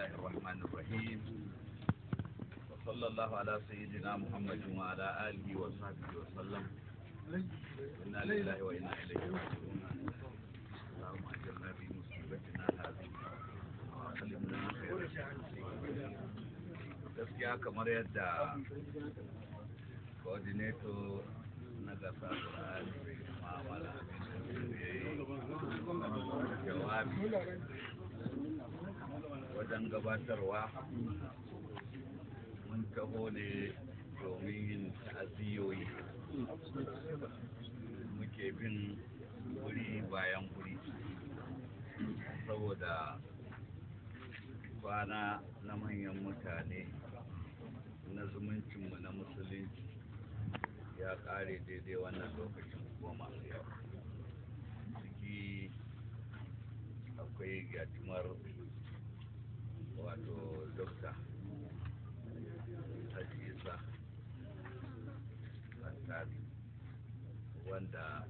الله الرحمن الرحيم وصلى الله على سيدنا محمد وعلى آله وصحبه وسلم إنا لله وإنا إليه راجعون اللهم أجرنا في مصيبتنا هذه وأسلمنا خيرا gaskiya kamar yadda coordinator na gasa Qur'ani Muhammad Amin ya yi jawabi don gabatarwa mun taho ne domin yin ta'aziyoyi muke bin wuri bayan wuri saboda kwana na manyan mutane na zumuncinmu na musulunci ya kare daidai wannan lokacin kuma masu yawa akwai gatimar wato dokta haji isa fantari wanda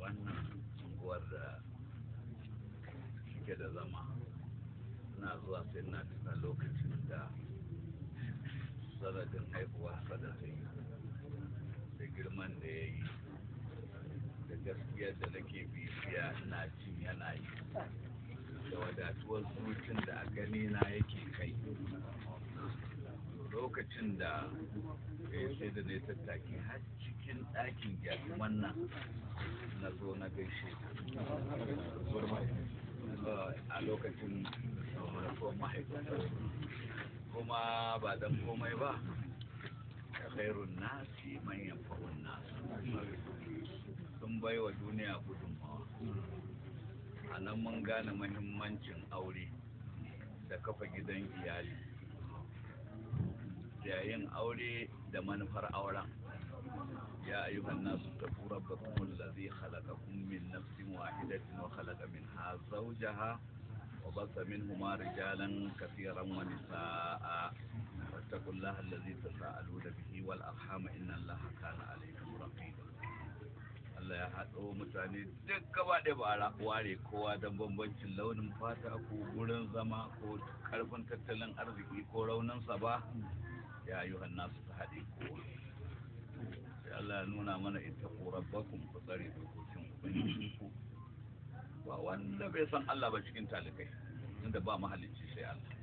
wannan unguwar da suke da zama na zuwa sai na tuna lokacin da sanadin haihuwa sadatai da girman da ya yi da gaskiyar da nake bibiya na cin yana yi da wadatuwar zucin da a gani na yake kai lokacin da ya sai da na tattaki har cikin ɗakin gyakuman nan na zo na gaishe a lokacin saurakon ma'aikata kuma ba dan komai ba khairun nasi manyan fa'un sun bai wa duniya gudunmawa a nan mun gane mahimmancin aure da kafa gidan iyali yayin aure da manufar auren ya ayyukan nasu kuma rabbakumul halaka khalaqakum min nafsin kuma wa khalaqa minha zawjaha wa basa huma rijalan katiran wa nisaa fattaqullaha lura da bihi wal arham inna allaha kana alaykum raqiba Allah ya haɗo mutane duk gaba ɗaya ba a ware kowa don bambancin launin fata ko gurin zama ko karfin tattalin arziki ko rauninsa ba ya yi su ta haɗe kowa sai Allah ya nuna mana ita kuma ku tsare dokokin ba wanda bai san Allah ba cikin talibai inda ba mahalicci sai Allah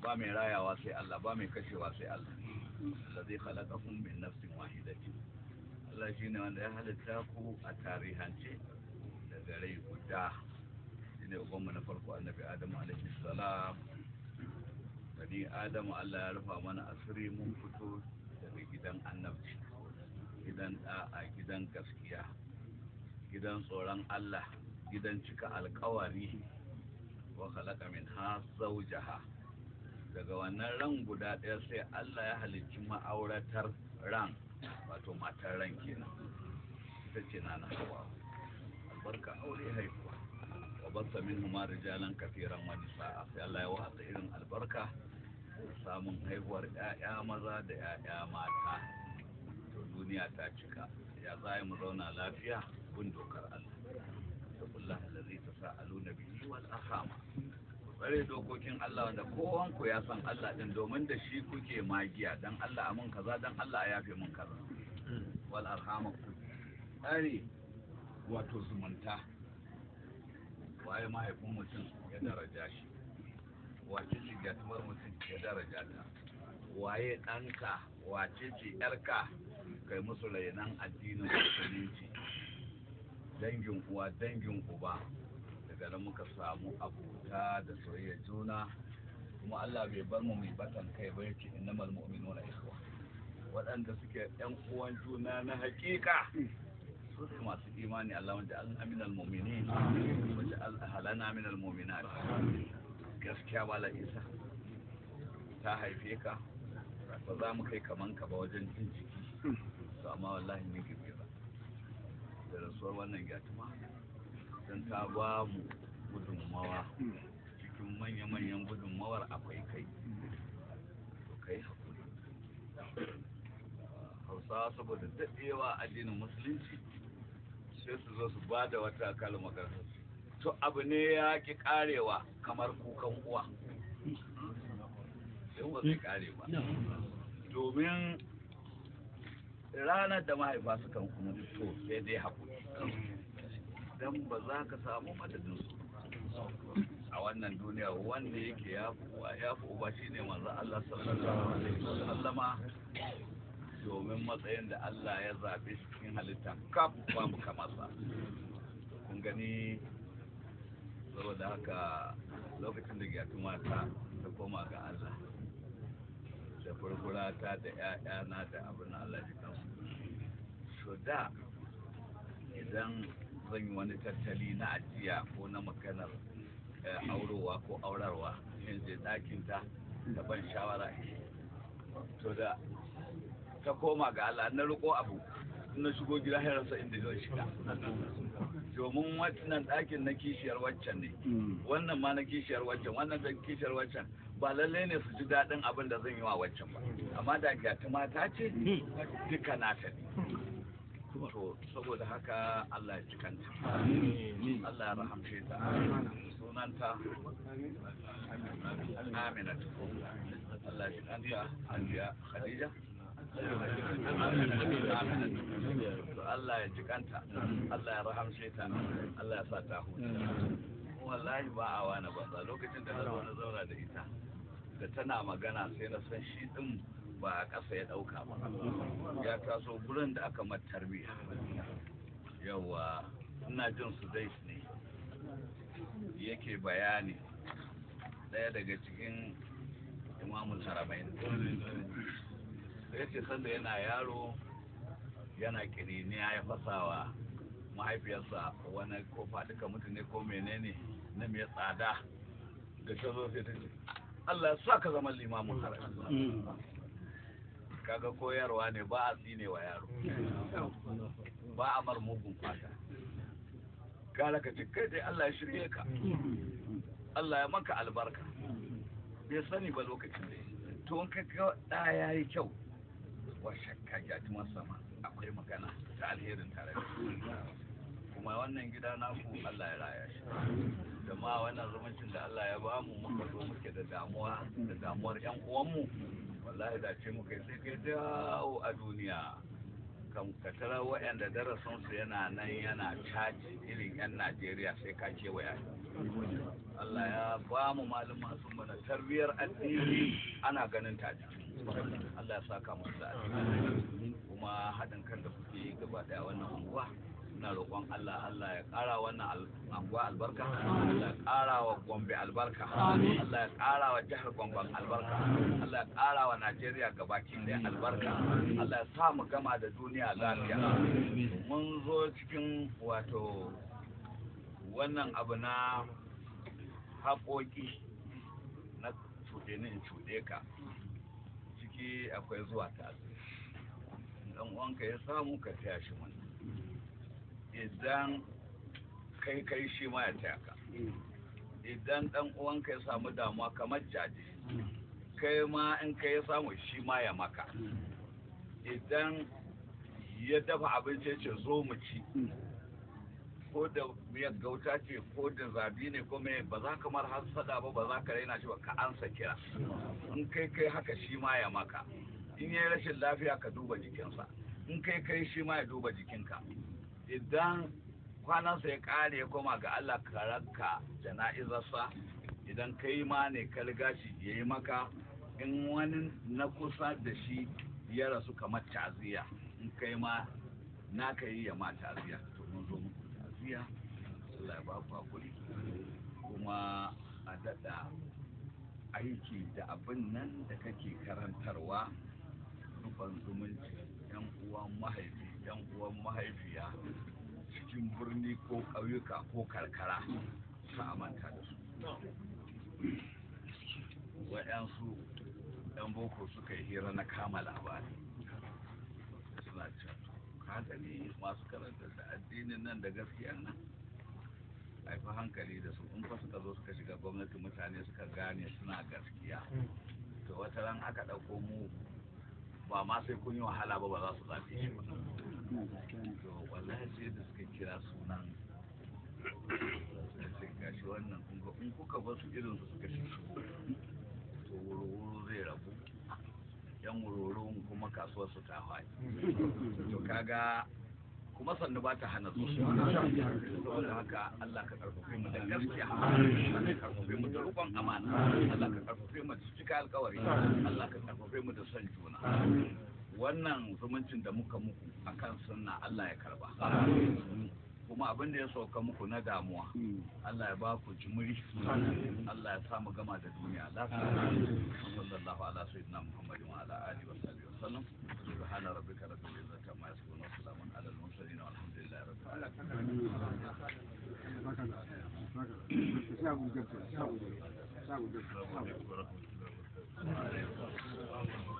ba mai rayawa sai Allah ba mai kashewa sai Allah Allah الذي خلقكم من نفس واحدة Allah shi ne wanda ya halitta ku a tarihance da gare guda shi ne ubanmu na farko annabi adamu alaihi salam bani adamu Allah ya rufa mana asiri mun fito daga gidan annabci gidan da'a gidan gaskiya gidan tsoron Allah gidan cika alkawari wa khalaqa min ha zawjaha daga wannan ran guda ɗaya sai Allah ya halicci ma'auratar ran wato matan ran kenan ita ce na hawa albarka aure haihuwa wa barka min huma rijalan kafiran wani sa'a sai Allah ya wasa irin albarka samun haihuwar 'ya'ya maza da 'ya'ya mata to duniya ta cika ya za mu zauna lafiya bin dokar Allah Ta kullum da ta sa alu na biyu wal tsare dokokin Allah wanda kowan ku ya san Allah din domin da shi kuke magiya dan Allah amun kaza dan Allah ya fi mun kaza wal arhamu tsare wato zumunta waye mahaifin mutum ya daraja shi wace ce gatumar mutum ya daraja ta waye ɗanka wace ce ƴarka kai musu lainan addinin musulunci dangin uwa dangin uba daga muka samu abota da soyayya juna kuma Allah bai bar mu mai batan kai ba yake innamal mu'minuna ikhwa waɗanda suke ɗan uwan juna na hakika su ne masu imani Allah wanda an aminal mu'mini wanda halana al mu'minat gaskiya ba isa ta haife ka ba za mu kai kaman ka ba wajen jin jiki to amma wallahi ne ke ba da rasuwar wannan gyatuma don ka ba mu gudunmawa cikin manya-manyan gudunmawar akwai kai to kai hakuri ah, hausawa saboda daɗewa addinin musulunci sai su zo su ba da wata kalmar to abu ne ya ki karewa kamar kukan uwa domin ranar da mahaifa kan kuma fito sai dai haƙuri Idan ba za ka samu madadinsu a wannan duniya wanda yake ya ya uba shi ne manzo Allah sallallahu alaihi domin matsayin da Allah ya zaɓe cikin halitta kaf ba mu kamasa kun gani saboda haka lokacin da ya tuma ta koma ga Allah da furfura ta da na da abin Allah ya kansu. So da idan zan yi wani tattali na ajiya ko na maganar eh, aurowa ko aurarwa in je ta da ban shawara to da ta koma ga Allah na riko abu na shigo gida ya rasa inda zan shiga domin wannan ɗakin na kishiyar waccan ne mm. wannan ma na kishiyar waccan wannan da kishiyar waccan ba lallai ne su ji daɗin abin da zan yi wa waccan ba amma da ta mata ce mm. duka nata ne to saboda haka Allah ya cikanta Allah ya rahamshe Allah ya cikanta Aliya Khadija Allah ya cikanta ya rahamshe ta Allah ya sa ta huta wallahi ba a wani banza lokacin da na zauna da ita da tana magana sai na san shi din ba a ƙasa ya ɗauka ba ya taso gurin da aka matar biya yawa ina jin su dai ne yake bayani ɗaya daga cikin imamun haramain ya ce sanda yana yaro yana kiriniya ya fasawa mahaifiyarsa wani ko duka mutane ko menene na mai tsada da ta sai ta ce Allah ya sa ka zama limamun haramain mm. kaga koyarwa ne ba a tsine wa yaro ba a mar mugun fata kala ka ce kai dai Allah ya shirye ka Allah ya maka albarka bai sani ba lokacin da to in ka ga da yayi kyau wa shakka ya ji sama akwai magana ta alherin tare da kuma wannan gida naku Allah ya raya shi jama'a wannan zumuncin da Allah ya bamu muka zo muke da damuwa da damuwar yan uwanmu wallahi da ce muka sai kai dawo a duniya kan katara darasin su yana nan yana caji irin 'yan najeriya sai ka waya. Allah ya ba mu malaman sun mana tarbiyyar addini ana ganin ta Allah ya saka musu da kuma haɗin kan da kuke gaba ɗaya wannan unguwa ina roƙon Allah Allah ya ƙara wannan anguwa albarka Allah ya ƙara wa Gombe albarka Allah ya ƙara wa jihar Gombe albarka Allah ya ƙara wa Najeriya gabaki da albarka Allah ya sa mu gama da duniya lafiya mun zo cikin wato wannan abu na haƙoƙi na cuɗe ne cuɗe ka ciki akwai zuwa ta dan uwanka ya samu ka tashi shi idan kai kai shi ma ya taya ka mm. idan dan uwanka ya samu damuwa kamar jaji mm. kai ma in kai ya samu shi ma ya maka mm. idan ya dafa abinci ce zo mu ci ko da miyar gauta ce ko da zabi ne ko mai ba za ka mar hasada ba ba za ka raina shi ba ka ansa kira in kai kai haka shi ma ya maka in yi rashin lafiya ka duba jikinsa in kai kai shi ma ya duba jikinka idan kwanansa ya kare ya koma ga Allah na jana'izarsa idan kai ma ne ka riga ya yi maka in wani na kusa da shi ya rasu kamar taziya in kai ma na ka yi ya ma taziya to mun zo muku taziya Allah ya ba ku hakuri kuma a daɗa aiki da abin nan da kake karantarwa ban zumunci yan uwan mahaifi yan uwan mahaifiya cikin birni ko ƙauyuka ko karkara su amanta da su waɗansu ɗan boko suka yi hira na kama labari suna haka ne masu karanta da addinin nan da gaskiya nan haifi hankali da su in fa suka zo suka shiga gwamnati mutane suka gane suna gaskiya to wata ran aka ɗauko mu ba ma sai kun yi wahala ba ba za su zafi shi wallahi sai da suka kira sunan sai gashi wannan kunga in kuka basu irin su suka shi to wuro-wuro zai rabu yan wuro kuma kasuwar su ta hawa to kaga kuma sannu ba ta hana su saboda haka Allah ka karfafe mu da gaskiya Allah ka karfafe mu da rubon amana Allah ka karfafe mu da cika alƙawari Allah ka karfafe mu da son juna wannan zumuncin da muka muku a akan sunna Allah ya karba kuma abin da ya sauka muku na damuwa hmm. Allah ya ba ku jimiri Allah ya samu gama da duniya lafiya sallallahu ala sayyidina Muhammadin wa ala alihi wa sahbihi wa sallam subhana rabbika rabbil izzati amma yasifun wa salamun ala al mursalin walhamdulillahi rabbil alamin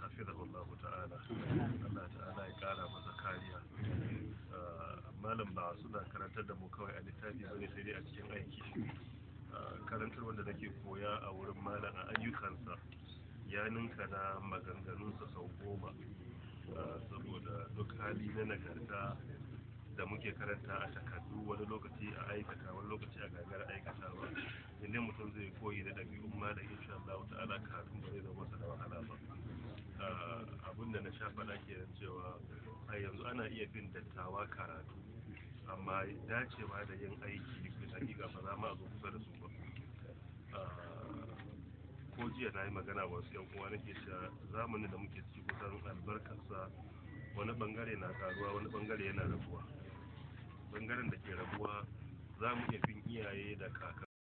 hafizahu Allah ta'ala Allah ta'ala ya kara masa kariya ah, malam ba suna karantar da mu kawai a littafi bane sai dai a cikin aiki ah, karantar wanda nake koya a wurin malam a ayyukansa ya ninka na maganganunsa sau goma ah, saboda duk hali na nagarta da muke karanta a takardu wani lokaci a aikata wani lokaci a gagar aikatawa inda mutum zai koyi da ɗabi'u malam insha Allah ta'ala kafin ba zai zama masa da wahala ba abin da na sha faɗa kenan cewa a yanzu ana iya bin dattawa karatu amma dacewa da yin aiki bisa hakika ba ma zo kusa da su ba ko jiya na yi magana wasu yan uwa nake cewa zamanin da muke ciki kusan albarkarsa wani bangare na karuwa wani bangare yana rabuwa bangaren da ke rabuwa za mu iya bin iyaye da kaka